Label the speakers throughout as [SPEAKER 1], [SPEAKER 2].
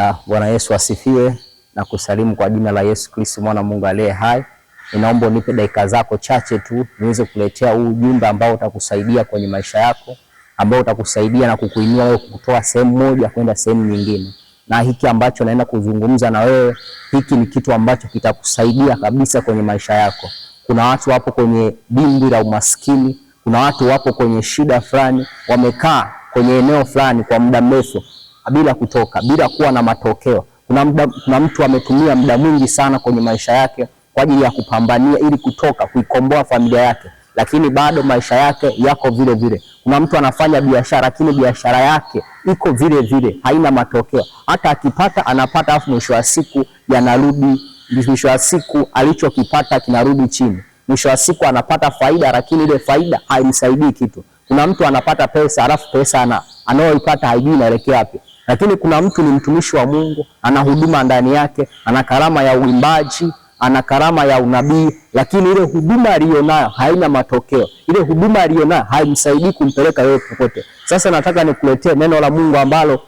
[SPEAKER 1] Ah, Bwana Yesu asifiwe na kusalimu kwa jina la Yesu Kristo mwana Mungu aliye hai. Ninaomba unipe dakika zako chache tu niweze kuletea huu ujumbe ambao utakusaidia kwenye maisha yako, ambao utakusaidia na kukuinua wewe kutoa sehemu moja kwenda sehemu nyingine. Na hiki ambacho naenda kuzungumza na wewe, hiki ni kitu ambacho kitakusaidia kabisa kwenye maisha yako. Kuna watu wapo kwenye dimbwi la umaskini, kuna watu wapo kwenye shida fulani, wamekaa kwenye eneo fulani kwa muda mrefu bila kutoka, bila kuwa na matokeo. Kuna, mda, kuna mtu ametumia muda mwingi sana kwenye maisha yake kwa ajili ya kupambania ili kutoka kuikomboa familia yake, lakini bado maisha yake yako vile vile. Kuna mtu anafanya biashara, lakini biashara yake iko vile vile, haina matokeo. Hata akipata anapata, afu mwisho wa siku yanarudi, mwisho wa siku alichokipata kinarudi chini. Mwisho wa siku anapata faida, lakini ile faida haimsaidii kitu. Kuna mtu anapata pesa, alafu pesa anayoipata haijui inaelekea wapi. Lakini kuna mtu ni mtumishi wa Mungu, ana huduma ndani yake, ana karama ya uimbaji, ana karama ya unabii, lakini ile huduma aliyonayo haina matokeo, ile huduma aliyonayo haimsaidii kumpeleka yeye popote. Sasa nataka nikuletee neno la Mungu ambalo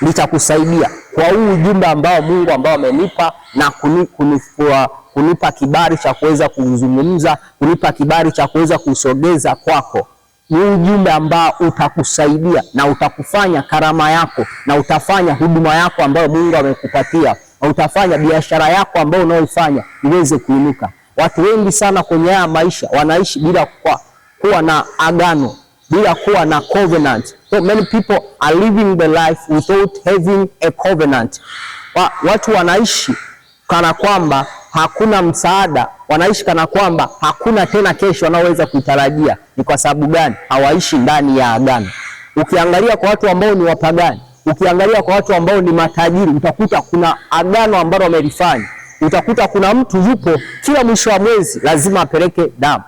[SPEAKER 1] litakusaidia kwa huu ujumbe ambao Mungu ambao amenipa na kunifua kunipa kibali cha kuweza kuzungumza, kunipa kibali cha kuweza kusogeza kwako ni ujumbe ambao utakusaidia na utakufanya karama yako na utafanya huduma yako ambayo Mungu amekupatia na utafanya biashara yako ambayo unaoifanya iweze kuinuka. Watu wengi sana kwenye haya maisha wanaishi bila kwa, kuwa na agano bila kuwa na covenant. So many people are living the life without having a covenant. Wa, watu wanaishi kana kwamba hakuna msaada, wanaishi kana kwamba hakuna tena kesho wanaoweza kuitarajia. Ni kwa sababu gani? Hawaishi ndani ya agano. Ukiangalia kwa watu ambao ni wapagani, ukiangalia kwa watu ambao ni matajiri, utakuta kuna agano ambalo wamelifanya. Utakuta kuna mtu yupo kila mwisho wa mwezi lazima apeleke damu,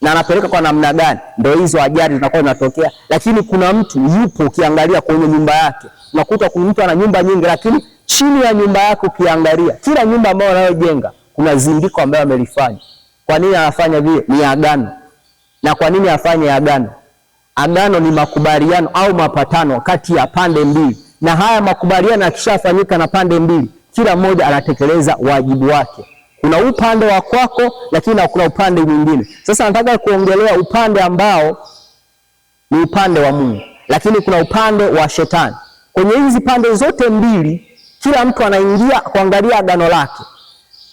[SPEAKER 1] na anapeleka kwa namna gani? Ndio hizo ajali zinakuwa zinatokea. Lakini kuna mtu yupo, ukiangalia kwenye nyumba yake unakuta kuna mtu ana nyumba nyingi, lakini chini ya nyumba yake ukiangalia kila nyumba ambayo anayojenga kuna zindiko ambayo amelifanya. Kwa nini anafanya vile? Ni agano. Na kwa nini afanye agano? Agano ni makubaliano au mapatano kati ya pande mbili, na haya makubaliano yakishafanyika na pande mbili, kila mmoja anatekeleza wajibu wake. Kuna upande wa kwako, lakini kuna upande mwingine. Sasa nataka kuongelea upande ambao ni upande wa Mungu, lakini kuna upande wa Shetani. Kwenye hizi pande zote mbili, kila mtu anaingia kuangalia agano lake.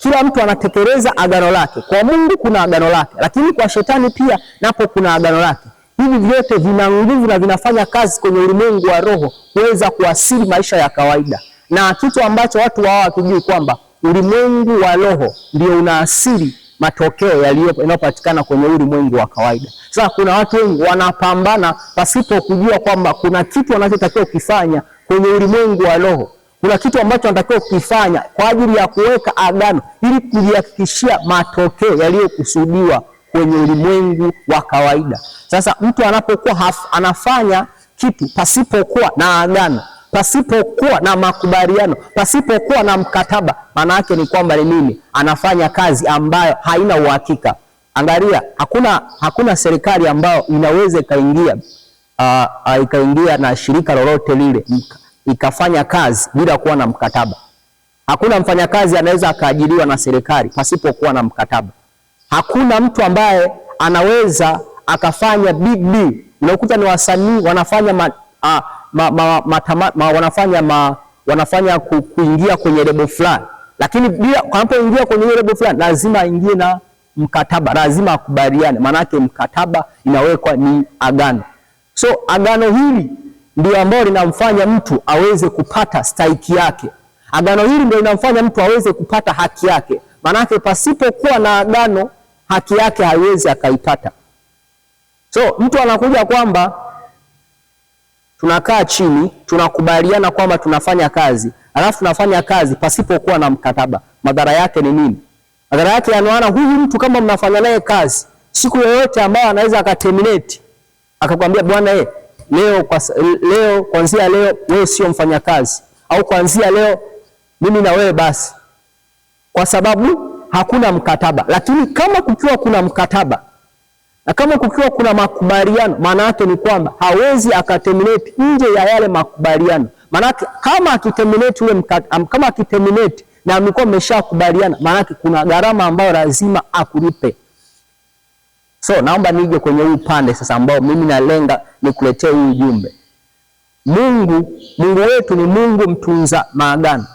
[SPEAKER 1] Kila mtu anatekeleza agano lake. Kwa Mungu kuna agano lake, lakini kwa shetani pia napo kuna agano lake. Hivi vyote vina nguvu na vinafanya kazi kwenye ulimwengu wa roho kuweza kuasiri maisha ya kawaida, na kitu ambacho watu wao hatujui kwamba ulimwengu wa roho ndio unaasiri matokeo yanayopatikana kwenye ulimwengu wa kawaida. Sasa kuna watu wengi wanapambana pasipo kujua kwamba kuna kitu wanachotakiwa kufanya kwenye ulimwengu wa roho kuna kitu ambacho anatakiwa kukifanya kwa ajili ya kuweka agano ili kujihakikishia matokeo yaliyokusudiwa kwenye ulimwengu wa kawaida. Sasa mtu anapokuwa haf, anafanya kitu pasipokuwa na agano, pasipokuwa na makubaliano, pasipokuwa na mkataba, maana yake ni kwamba ni nini? Anafanya kazi ambayo haina uhakika. Angalia, hakuna hakuna serikali ambayo inaweza ikaingia uh, ikaingia na shirika lolote lile ikafanya kazi bila kuwa na mkataba. Hakuna mfanyakazi anaweza akaajiriwa na serikali pasipokuwa na mkataba. Hakuna mtu ambaye anaweza akafanya big B. Unakuta ni wasanii wanafanya ma, a, ma, ma, ma, ma, wanafanya ma, wanafanya ku, kuingia kwenye lebo fulani, lakini bila anapoingia kwenye lebo fulani lazima aingie na mkataba, lazima akubaliane, maanake mkataba inawekwa ni agano. So agano hili ndio ambalo linamfanya mtu aweze kupata stahiki yake. Agano hili ndio linamfanya mtu aweze kupata haki yake, maanake pasipokuwa na agano haki yake haiwezi akaipata. So mtu anakuja kwamba tunakaa chini tunakubaliana kwamba tunafanya kazi, alafu tunafanya kazi pasipokuwa na mkataba. Madhara yake ni nini? Madhara yake yanaana, huyu mtu kama mnafanya naye kazi, siku yoyote ambayo anaweza akaterminate akakwambia, bwana eh leo, kwa, leo kuanzia leo wewe sio mfanyakazi, au kuanzia leo mimi na wewe basi, kwa sababu hakuna mkataba. Lakini kama kukiwa kuna mkataba na kama kukiwa kuna makubaliano, maana yake ni kwamba hawezi akaterminate nje ya yale makubaliano. Maana kama akiterminate ule mkataba, kama akiterminate na amekuwa mmeshakubaliana, maana kuna gharama ambayo lazima akulipe. So naomba nije kwenye huu upande sasa ambao mimi nalenga nikuletee huu ujumbe. Mungu, Mungu wetu ni Mungu mtunza maagano.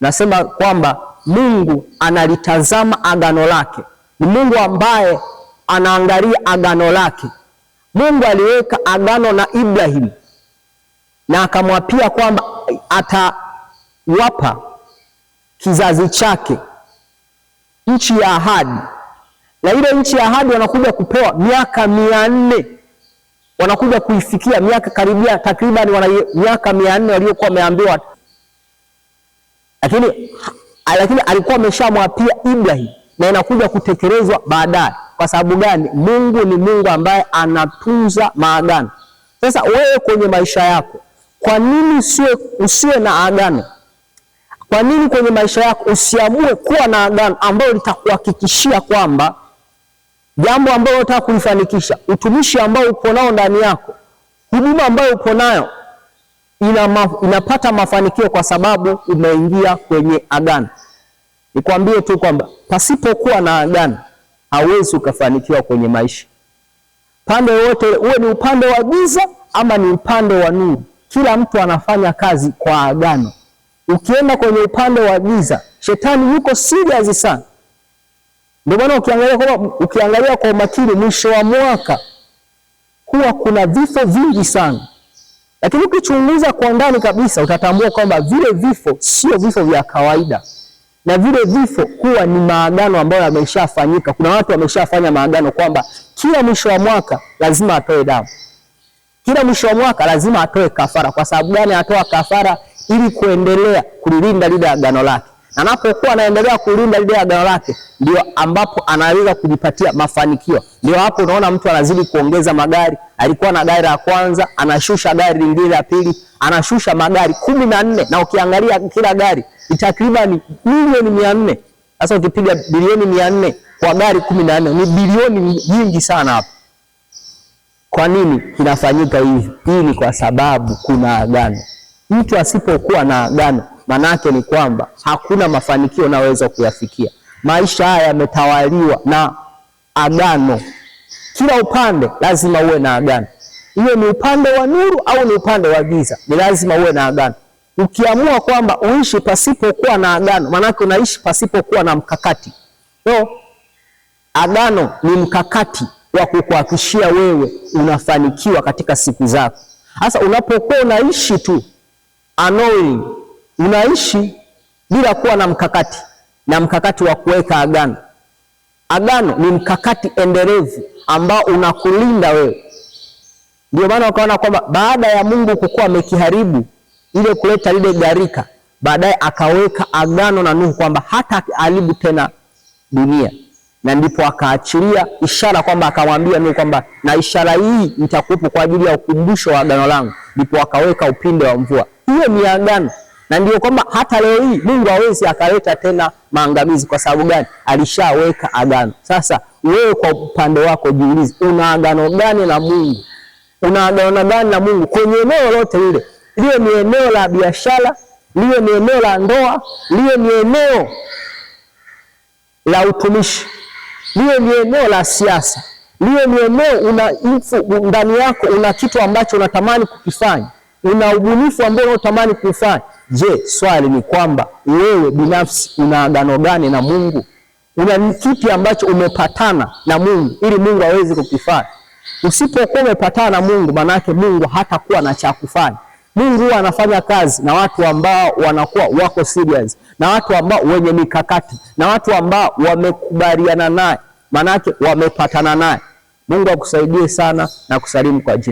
[SPEAKER 1] Nasema kwamba Mungu analitazama agano lake. Ni Mungu ambaye anaangalia agano lake. Mungu aliweka agano na Ibrahim na akamwapia kwamba atawapa kizazi chake nchi ya ahadi na ile nchi ya ahadi wanakuja kupewa miaka mia nne wanakuja kuifikia miaka karibia takriban miaka mia nne waliokuwa wameambiwa, lakini lakini alikuwa ameshamwapia Ibrahim na inakuja kutekelezwa baadaye. Kwa sababu gani? Mungu ni Mungu ambaye anatunza maagano. Sasa wewe kwenye maisha yako, kwa nini usiwe usiwe na agano? Kwa nini kwenye maisha yako usiamue kuwa na agano ambayo litakuhakikishia kwamba jambo ambalo unataka kulifanikisha, utumishi ambao uko nao ndani yako, huduma ambayo uko nayo ina ma, inapata mafanikio kwa sababu umeingia kwenye agano. Nikwambie tu kwamba pasipokuwa na agano hauwezi ukafanikiwa kwenye maisha, pande wote, uwe ni upande wa giza ama ni upande wa nuru, kila mtu anafanya kazi kwa agano. Ukienda kwenye upande wa giza, shetani yuko serious sana ndio maana ukiangalia kwa ukiangalia kwa umakini, mwisho wa mwaka huwa kuna vifo vingi sana, lakini ukichunguza kwa ndani kabisa utatambua kwamba vile vifo sio vifo vya kawaida, na vile vifo huwa ni maagano ambayo yameshafanyika. Kuna watu wameshafanya maagano kwamba kila mwisho wa mwaka lazima atoe damu, kila mwisho wa mwaka lazima atoe kafara. Kwa sababu gani? Atoa kafara ili kuendelea kulilinda lile agano lake. Anapokuwa anaendelea kulinda lile agano lake, ndio ambapo anaweza kujipatia mafanikio. Ndio hapo unaona mtu anazidi kuongeza magari. Alikuwa na gari la kwanza, anashusha gari lingine la pili, anashusha magari kumi na nne, na ukiangalia kila gari ni takriban milioni mia nne. Sasa ukipiga bilioni mia nne kwa gari kumi na nne ni bilioni nyingi sana hapo. Kwa nini kinafanyika hivi? Hii ni kwa sababu kuna agano. Mtu asipokuwa na agano Manake ni kwamba hakuna mafanikio unayoweza kuyafikia. Maisha haya yametawaliwa na agano, kila upande lazima uwe na agano, iwe ni upande wa nuru au ni upande wa giza, ni lazima uwe na agano. Ukiamua kwamba uishi pasipokuwa na agano, manake unaishi pasipokuwa na mkakati. So, agano ni mkakati wa kukuhakishia wewe unafanikiwa katika siku zako. Sasa unapokuwa unaishi tu annoying unaishi bila kuwa na mkakati na mkakati wa kuweka agano. Agano ni mkakati endelevu ambao unakulinda wewe. Ndio maana ukaona kwamba baada ya Mungu kukuwa amekiharibu ile kuleta lile gharika, baadaye akaweka agano na Nuhu kwamba hata akiharibu tena dunia, na ndipo akaachilia ishara kwamba akamwambia Nuhu kwamba na ishara hii nitakuwepo kwa ajili ya ukumbusho wa agano langu, ndipo akaweka upinde wa mvua. Hiyo ni agano na ndio kwamba hata leo hii Mungu hawezi akaleta tena maangamizi. Kwa sababu gani? Alishaweka agano. Sasa wewe kwa upande wako jiulize, una agano gani na Mungu? Una agano gani na Mungu kwenye eneo lote lile, liwe ni eneo la biashara, liwe ni eneo la ndoa, liwe ni eneo la utumishi, liwe ni eneo la siasa, liwe ni eneo una ndani yako, una kitu ambacho unatamani kukifanya, una ubunifu ambao unaotamani kufanya Je, swali ni kwamba wewe binafsi una agano gani na Mungu? Una kipi ambacho umepatana na Mungu ili Mungu aweze kukifanya? Usipokuwa umepatana na Mungu, manake Mungu hatakuwa na cha kufanya. Mungu huwa anafanya kazi na watu ambao wanakuwa wako serious, na watu ambao wenye mikakati, na watu ambao wamekubaliana naye, manake wamepatana naye. Mungu akusaidie sana na kusalimu kwa jina